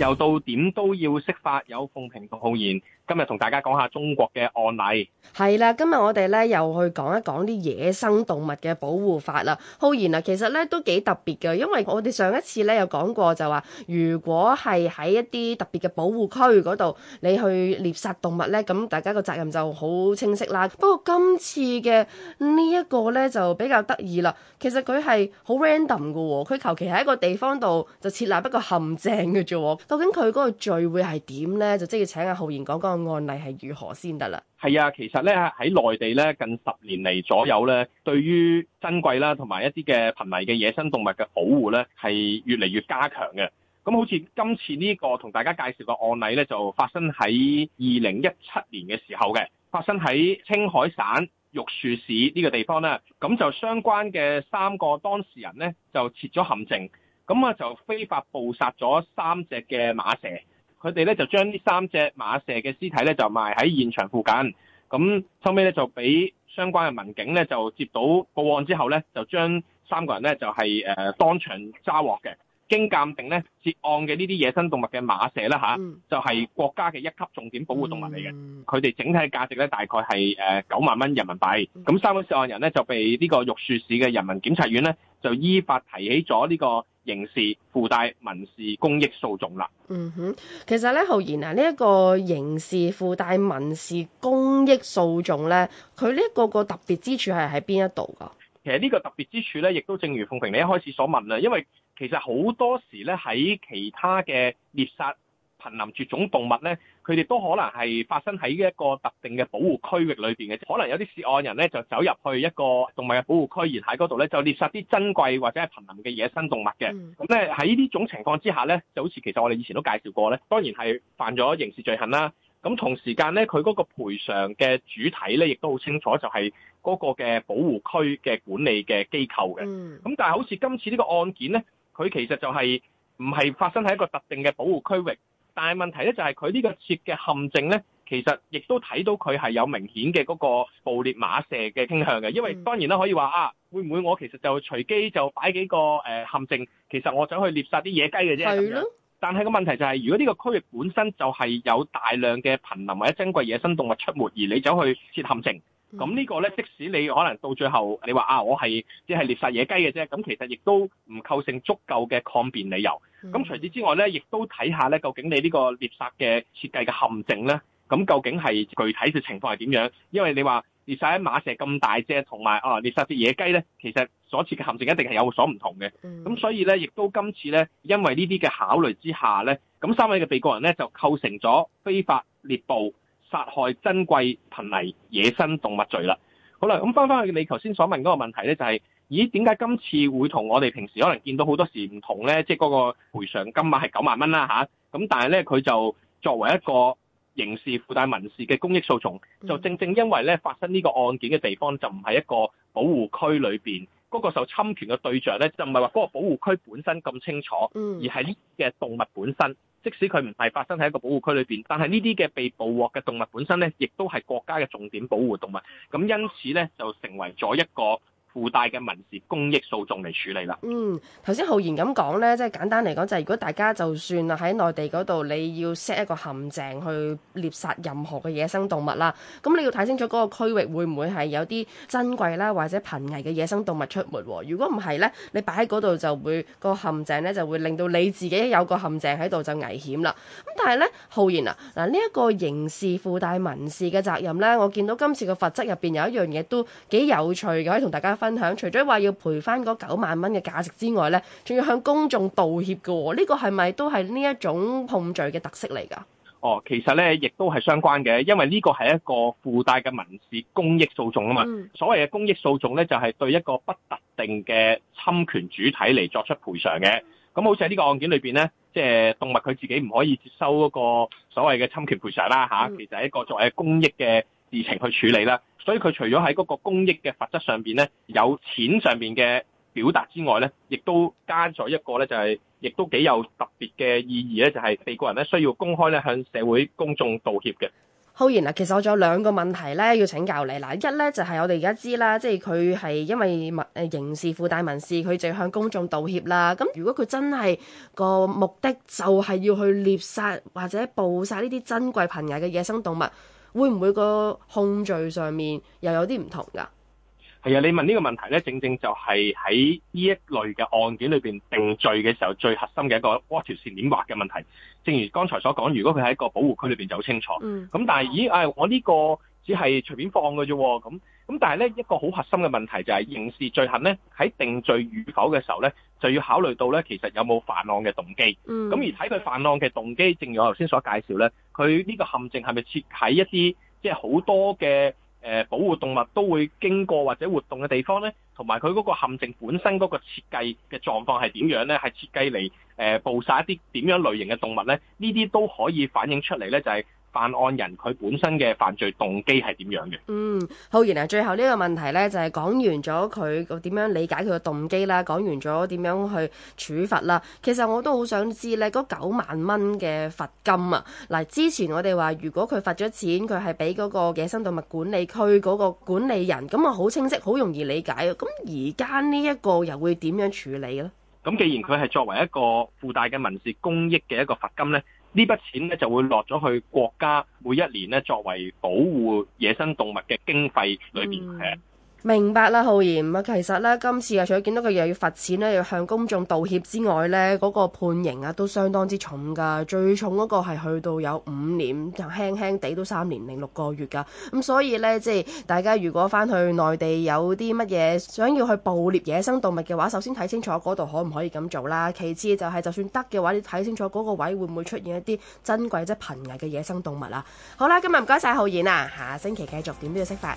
又到點都要識法，有奉平同浩然。今日同大家講下中國嘅案例，係啦，今日我哋咧又去講一講啲野生動物嘅保護法啦。浩然啊，其實咧都幾特別嘅，因為我哋上一次咧有講過就話，如果係喺一啲特別嘅保護區嗰度，你去獵殺動物咧，咁大家個責任就好清晰啦。不過今次嘅呢一個咧就比較得意啦，其實佢係好 random 嘅，佢求其喺一個地方度就設立一個陷阱嘅啫。究竟佢嗰個罪會係點咧？就即係要請阿浩然講講。個案例係如何先得啦？係啊，其實咧喺內地咧近十年嚟左右咧，對於珍貴啦同埋一啲嘅瀕危嘅野生動物嘅保護咧，係越嚟越加強嘅。咁好似今次呢個同大家介紹嘅案例咧，就發生喺二零一七年嘅時候嘅，發生喺青海省玉樹市呢個地方咧。咁就相關嘅三個當事人咧，就設咗陷阱，咁啊就非法捕殺咗三隻嘅馬蛇。佢哋咧就將呢三隻馬蛇嘅屍體咧就埋喺現場附近，咁後尾咧就俾相關嘅民警咧就接到報案之後咧就將三個人咧就係誒當場抓獲嘅，經鑑定咧涉案嘅呢啲野生動物嘅馬蛇咧嚇，就係國家嘅一級重點保護動物嚟嘅，佢哋、嗯、整體嘅價值咧大概係誒九萬蚊人民幣，咁三個涉案人咧就被呢個玉樹市嘅人民檢察院咧就依法提起咗呢、呢個。刑事附帶民事公益訴訟啦，嗯哼，其實咧浩然啊，呢一個刑事附帶民事公益訴訟咧，佢呢個個特別之處係喺邊一度噶？其實呢個特別之處咧，亦都正如鳳萍你一開始所問啦，因為其實好多時咧喺其他嘅獵殺。瀕臨絕種動物咧，佢哋都可能係發生喺一個特定嘅保護區域裏邊嘅，可能有啲涉案人咧就走入去一個動物嘅保護區，然喺嗰度咧就獵殺啲珍貴或者係瀕臨嘅野生動物嘅。咁咧喺呢種情況之下咧，就好似其實我哋以前都介紹過咧，當然係犯咗刑事罪行啦。咁同時間咧，佢嗰個賠償嘅主體咧，亦都好清楚就係、嗯、嗰個嘅保護區嘅管理嘅機構嘅。咁、嗯、但係好似今次呢個案件咧，佢其實就係唔係發生喺一個特定嘅保護區域。但係問題咧，就係佢呢個設嘅陷阱咧，其實亦都睇到佢係有明顯嘅嗰個捕獵馬射嘅傾向嘅，因為當然啦，可以話啊，會唔會我其實就隨機就擺幾個誒、呃、陷阱，其實我想去獵殺啲野雞嘅啫的，但係個問題就係、是，如果呢個區域本身就係有大量嘅瀕臨或者珍貴野生動物出沒，而你走去設陷阱。咁呢個咧，即使你可能到最後你話啊，我係只係獵殺野雞嘅啫，咁其實亦都唔構成足夠嘅抗辯理由。咁除此之外咧，亦都睇下咧，究竟你呢個獵殺嘅設計嘅陷阱咧，咁究竟係具體嘅情況係點樣？因為你話獵殺一馬蛇咁大隻，同埋啊獵殺隻野雞咧，其實所設嘅陷阱一定係有所唔同嘅。咁、嗯、所以咧，亦都今次咧，因為呢啲嘅考慮之下咧，咁三位嘅被告人咧就構成咗非法獵捕。殺害珍貴、瀕危野生動物罪啦。好啦，咁翻翻去你頭先所問嗰個問題咧，就係，就係咦，點解今次會同我哋平時可能見到好多時唔同呢？即係嗰個賠償金額係九萬蚊啦吓，咁、啊、但係呢，佢就作為一個刑事附帶民事嘅公益訴訟，就正正因為呢發生呢個案件嘅地方就唔係一個保護區裏邊，嗰、嗰個受侵權嘅對象呢，就唔係話嗰個保護區本身咁清楚，而係呢嘅動物本身。即使佢唔係發生喺一個保護區裏邊，但係呢啲嘅被捕獲嘅動物本身咧，亦都係國家嘅重點保護動物，咁因此咧，就成為咗一個。附帶嘅民事公益訴訟嚟處理啦。嗯，頭先浩然咁講呢，即係簡單嚟講，就係，就係如果大家就算啦喺內地嗰度，你要 set 一個陷阱去獵殺任何嘅野生動物啦，咁你要睇清楚嗰個區域會唔會係有啲珍貴啦或者瀕危嘅野生動物出沒。如果唔係呢，你擺喺嗰度就會，個陷阱呢，就會令到你自己有個陷阱喺度就危險啦。咁但係呢，浩然啊，嗱呢一個刑事附帶民事嘅責任呢，我見到今次嘅罰則入邊有一樣嘢都幾有趣，可以同大家分享，除咗話要賠翻嗰九萬蚊嘅價值之外咧，仲要向公眾道歉嘅。哦，呢個係咪都係呢一種控罪嘅特色嚟噶？哦，其實咧亦都係相關嘅，因為呢個係一個附帶嘅民事公益訴訟啊嘛。嗯、所謂嘅公益訴訟咧，就係、是、對一個不特定嘅侵權主體嚟作出賠償嘅。咁、嗯、好似喺呢個案件裏邊咧，即、就、係、是、動物佢自己唔可以接收嗰個所謂嘅侵權賠償啦吓，啊嗯、其實係一個作為公益嘅。事情去處理啦，所以佢除咗喺嗰個公益嘅法則上邊呢，有錢上邊嘅表達之外呢，亦都加咗一個呢、就係，就係亦都幾有特別嘅意義呢，就係、係、被告人呢需要公開咧向社會公眾道歉嘅。浩然啊，其實我仲有兩個問題呢要請教你嗱，一呢就係、係、我哋而家知啦，即係佢係因為民刑事附帶民事，佢就要向公眾道歉啦。咁如果佢真係、嗰個目的就係要去獵殺或者捕殺呢啲珍貴瀕危嘅野生動物？會唔會個控罪上面又有啲唔同㗎？係啊，你問呢個問題咧，正正就係喺呢一類嘅案件裏邊定罪嘅時候最核心嘅一個喎條線點畫嘅問題。正如剛才所講，如果佢喺一個保護區裏邊就好清楚，咁、嗯嗯、但係咦誒、哎，我呢個只係隨便放嘅啫喎咁。嗯。咁但係咧一個好核心嘅問題就係刑事罪行咧，喺定罪與否嘅時候咧，就要考慮到咧，其實有冇犯案嘅動機。嗯。咁而睇佢犯案嘅動機，正如我頭先所介紹咧，佢呢個陷阱係咪設喺一啲即係好多嘅誒保護動物都會經過或者活動嘅地方咧？同埋佢嗰個陷阱本身嗰個設計嘅狀況係點樣咧？係設計嚟誒捕殺一啲點樣類型嘅動物咧？呢啲都可以反映出嚟咧，就係、是。犯案人佢本身嘅犯罪動機係點樣嘅？嗯，好，原來最後呢個問題呢，就係講完咗佢點樣理解佢嘅動機啦，講完咗點樣去處罰啦。其實我都好想知呢，嗰九萬蚊嘅罰金啊，嗱，之前我哋話，如果佢罰咗錢，佢係俾嗰個野生動物管理區嗰個管理人，咁啊好清晰，好容易理解。咁而家呢一個又會點樣處理咧？咁既然佢係作為一個附帶嘅民事公益嘅一個罰金咧？呢筆錢咧，就會落咗去國家每一年咧，作為保護野生動物嘅經費裏邊。明白啦，浩然啊，其實咧今次啊，除咗見到佢又要罰錢咧，又要向公眾道歉之外咧，嗰個判刑啊都相當之重㗎，最重嗰個係去到有五年，輕輕地都三年零六個月㗎。咁所以咧，即係大家如果翻去內地有啲乜嘢想要去捕獵野生動物嘅話，首先睇清楚嗰度可唔可以咁做啦，其次就係就算得嘅話，你睇清楚嗰個位會唔會出現一啲珍貴即係瀕危嘅野生動物啊。好啦，今日唔該晒浩然啊，下星期繼續點都要識法。